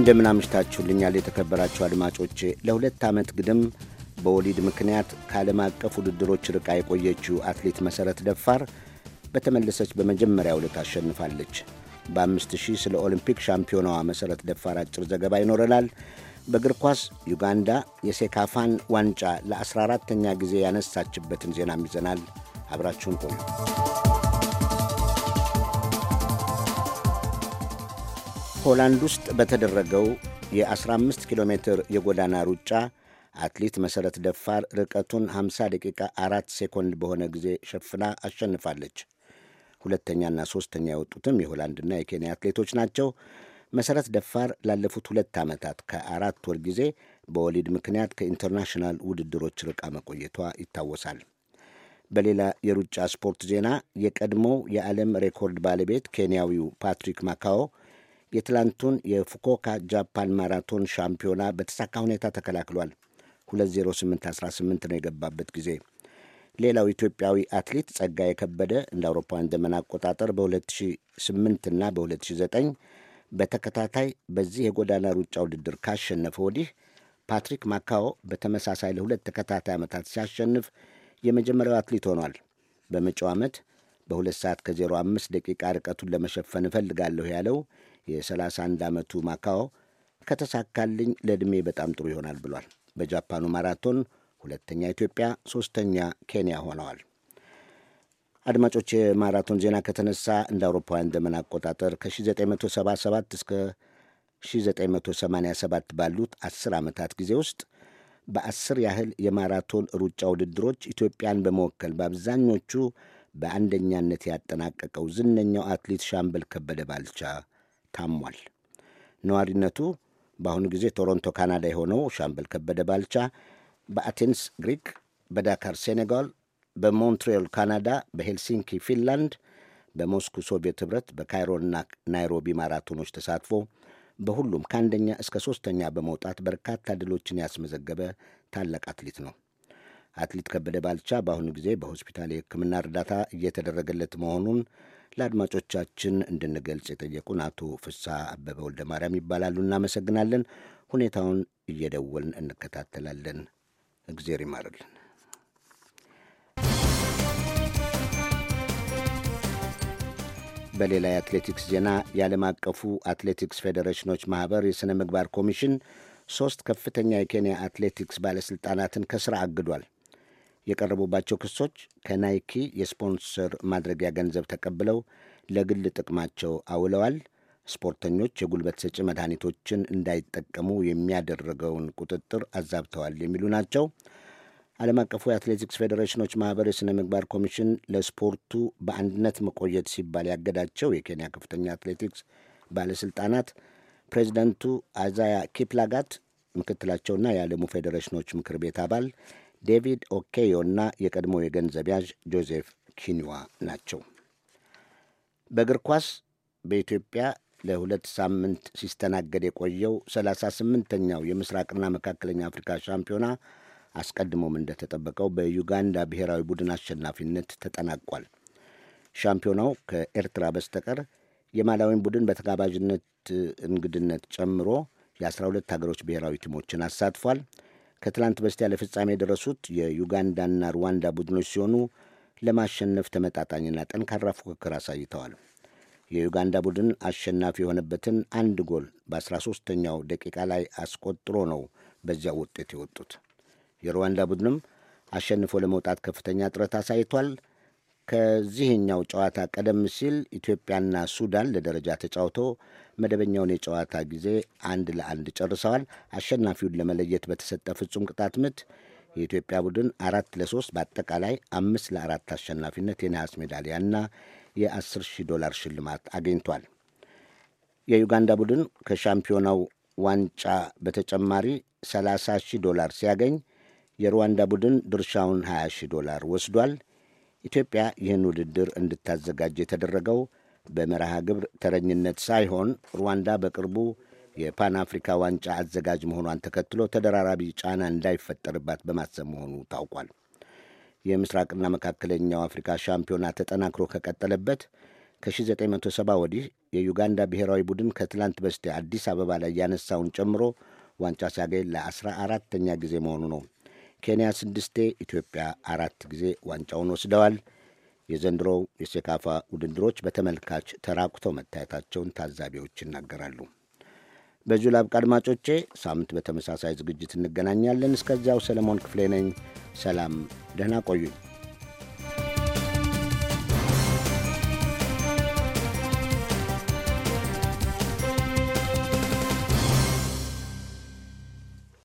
እንደምናምሽታችሁልኛል የተከበራችሁ አድማጮቼ። ለሁለት ዓመት ግድም በወሊድ ምክንያት ከዓለም አቀፍ ውድድሮች ርቃ የቆየችው አትሌት መሠረት ደፋር በተመለሰች በመጀመሪያ ዕለት አሸንፋለች። በአምስት ሺህ ስለ ኦሊምፒክ ሻምፒዮናዋ መሠረት ደፋር አጭር ዘገባ ይኖረናል። በእግር ኳስ ዩጋንዳ የሴካፋን ዋንጫ ለ14ተኛ ጊዜ ያነሳችበትን ዜናም ይዘናል። አብራችሁን ቆዩ። ሆላንድ ውስጥ በተደረገው የ15 ኪሎ ሜትር የጎዳና ሩጫ አትሌት መሠረት ደፋር ርቀቱን 50 ደቂቃ 4 ሴኮንድ በሆነ ጊዜ ሸፍና አሸንፋለች። ሁለተኛና ሦስተኛ የወጡትም የሆላንድና የኬንያ አትሌቶች ናቸው። መሠረት ደፋር ላለፉት ሁለት ዓመታት ከአራት ወር ጊዜ በወሊድ ምክንያት ከኢንተርናሽናል ውድድሮች ርቃ መቆየቷ ይታወሳል። በሌላ የሩጫ ስፖርት ዜና የቀድሞው የዓለም ሬኮርድ ባለቤት ኬንያዊው ፓትሪክ ማካኦ የትላንቱን የፉኮካ ጃፓን ማራቶን ሻምፒዮና በተሳካ ሁኔታ ተከላክሏል። 20818 ነው የገባበት ጊዜ። ሌላው ኢትዮጵያዊ አትሌት ጸጋ የከበደ እንደ አውሮፓውያን ዘመን አቆጣጠር በ2008 እና በ2009 በተከታታይ በዚህ የጎዳና ሩጫ ውድድር ካሸነፈ ወዲህ ፓትሪክ ማካዎ በተመሳሳይ ለሁለት ተከታታይ ዓመታት ሲያሸንፍ የመጀመሪያው አትሌት ሆኗል። በመጪው ዓመት በ2 ሰዓት ከ05 ደቂቃ ርቀቱን ለመሸፈን እፈልጋለሁ ያለው የ31 ዓመቱ ማካዎ ከተሳካልኝ ለዕድሜ በጣም ጥሩ ይሆናል ብሏል። በጃፓኑ ማራቶን ሁለተኛ ኢትዮጵያ፣ ሶስተኛ ኬንያ ሆነዋል። አድማጮች፣ የማራቶን ዜና ከተነሳ እንደ አውሮፓውያን ዘመን አቆጣጠር ከ1977 እስከ 1987 ባሉት አስር ዓመታት ጊዜ ውስጥ በአስር ያህል የማራቶን ሩጫ ውድድሮች ኢትዮጵያን በመወከል በአብዛኞቹ በአንደኛነት ያጠናቀቀው ዝነኛው አትሌት ሻምበል ከበደ ባልቻ ታሟል። ነዋሪነቱ በአሁኑ ጊዜ ቶሮንቶ ካናዳ የሆነው ሻምበል ከበደ ባልቻ በአቴንስ ግሪክ፣ በዳካር ሴኔጋል፣ በሞንትሪል ካናዳ፣ በሄልሲንኪ ፊንላንድ፣ በሞስኩ ሶቪየት ኅብረት፣ በካይሮና ናይሮቢ ማራቶኖች ተሳትፎ በሁሉም ከአንደኛ እስከ ሦስተኛ በመውጣት በርካታ ድሎችን ያስመዘገበ ታላቅ አትሌት ነው። አትሌት ከበደ ባልቻ በአሁኑ ጊዜ በሆስፒታል የሕክምና እርዳታ እየተደረገለት መሆኑን ለአድማጮቻችን እንድንገልጽ የጠየቁን አቶ ፍሳ አበበ ወልደ ማርያም ይባላሉ። እናመሰግናለን። ሁኔታውን እየደወልን እንከታተላለን። እግዜር ይማርልን። በሌላ የአትሌቲክስ ዜና የዓለም አቀፉ አትሌቲክስ ፌዴሬሽኖች ማኅበር የሥነ ምግባር ኮሚሽን ሦስት ከፍተኛ የኬንያ አትሌቲክስ ባለሥልጣናትን ከሥራ አግዷል። የቀረቡባቸው ክሶች ከናይኪ የስፖንሰር ማድረጊያ ገንዘብ ተቀብለው ለግል ጥቅማቸው አውለዋል፣ ስፖርተኞች የጉልበት ሰጪ መድኃኒቶችን እንዳይጠቀሙ የሚያደረገውን ቁጥጥር አዛብተዋል የሚሉ ናቸው። ዓለም አቀፉ የአትሌቲክስ ፌዴሬሽኖች ማኅበር የሥነ ምግባር ኮሚሽን ለስፖርቱ በአንድነት መቆየት ሲባል ያገዳቸው የኬንያ ከፍተኛ አትሌቲክስ ባለሥልጣናት ፕሬዚደንቱ አዛያ ኪፕላጋት ምክትላቸውና የዓለሙ ፌዴሬሽኖች ምክር ቤት አባል ዴቪድ ኦኬዮ እና የቀድሞ የገንዘብ ያዥ ጆዜፍ ኪንዋ ናቸው። በእግር ኳስ በኢትዮጵያ ለሁለት ሳምንት ሲስተናገድ የቆየው 38ኛው የምስራቅና መካከለኛ አፍሪካ ሻምፒዮና አስቀድሞም እንደተጠበቀው በዩጋንዳ ብሔራዊ ቡድን አሸናፊነት ተጠናቋል። ሻምፒዮናው ከኤርትራ በስተቀር የማላዊን ቡድን በተጋባዥነት እንግድነት ጨምሮ የ12 ሀገሮች ብሔራዊ ቲሞችን አሳትፏል። ከትላንት በስቲያ ለፍጻሜ የደረሱት የዩጋንዳና ሩዋንዳ ቡድኖች ሲሆኑ ለማሸነፍ ተመጣጣኝና ጠንካራ ፉክክር አሳይተዋል። የዩጋንዳ ቡድን አሸናፊ የሆነበትን አንድ ጎል በ 13 ተኛው ደቂቃ ላይ አስቆጥሮ ነው በዚያው ውጤት የወጡት። የሩዋንዳ ቡድንም አሸንፎ ለመውጣት ከፍተኛ ጥረት አሳይቷል። ከዚህኛው ጨዋታ ቀደም ሲል ኢትዮጵያና ሱዳን ለደረጃ ተጫውተው መደበኛውን የጨዋታ ጊዜ አንድ ለአንድ ጨርሰዋል። አሸናፊውን ለመለየት በተሰጠ ፍጹም ቅጣት ምት የኢትዮጵያ ቡድን አራት ለሶስት በአጠቃላይ አምስት ለአራት አሸናፊነት የነሐስ ሜዳሊያና የአስር ሺህ ዶላር ሽልማት አግኝቷል። የዩጋንዳ ቡድን ከሻምፒዮናው ዋንጫ በተጨማሪ 30 ሺህ ዶላር ሲያገኝ የሩዋንዳ ቡድን ድርሻውን 20 ሺህ ዶላር ወስዷል። ኢትዮጵያ ይህን ውድድር እንድታዘጋጅ የተደረገው በመርሃ ግብር ተረኝነት ሳይሆን ሩዋንዳ በቅርቡ የፓን አፍሪካ ዋንጫ አዘጋጅ መሆኗን ተከትሎ ተደራራቢ ጫና እንዳይፈጠርባት በማሰብ መሆኑ ታውቋል። የምስራቅና መካከለኛው አፍሪካ ሻምፒዮና ተጠናክሮ ከቀጠለበት ከ1970 ወዲህ የዩጋንዳ ብሔራዊ ቡድን ከትላንት በስቲያ አዲስ አበባ ላይ ያነሳውን ጨምሮ ዋንጫ ሲያገኝ ለአስራ አራተኛ ጊዜ መሆኑ ነው። ኬንያ ስድስቴ፣ ኢትዮጵያ አራት ጊዜ ዋንጫውን ወስደዋል። የዘንድሮው የሴካፋ ውድድሮች በተመልካች ተራቁተው መታየታቸውን ታዛቢዎች ይናገራሉ። በዚሁ ላብቃ አድማጮቼ። ሳምንት በተመሳሳይ ዝግጅት እንገናኛለን። እስከዚያው ሰለሞን ክፍሌ ነኝ። ሰላም፣ ደህና ቆዩኝ።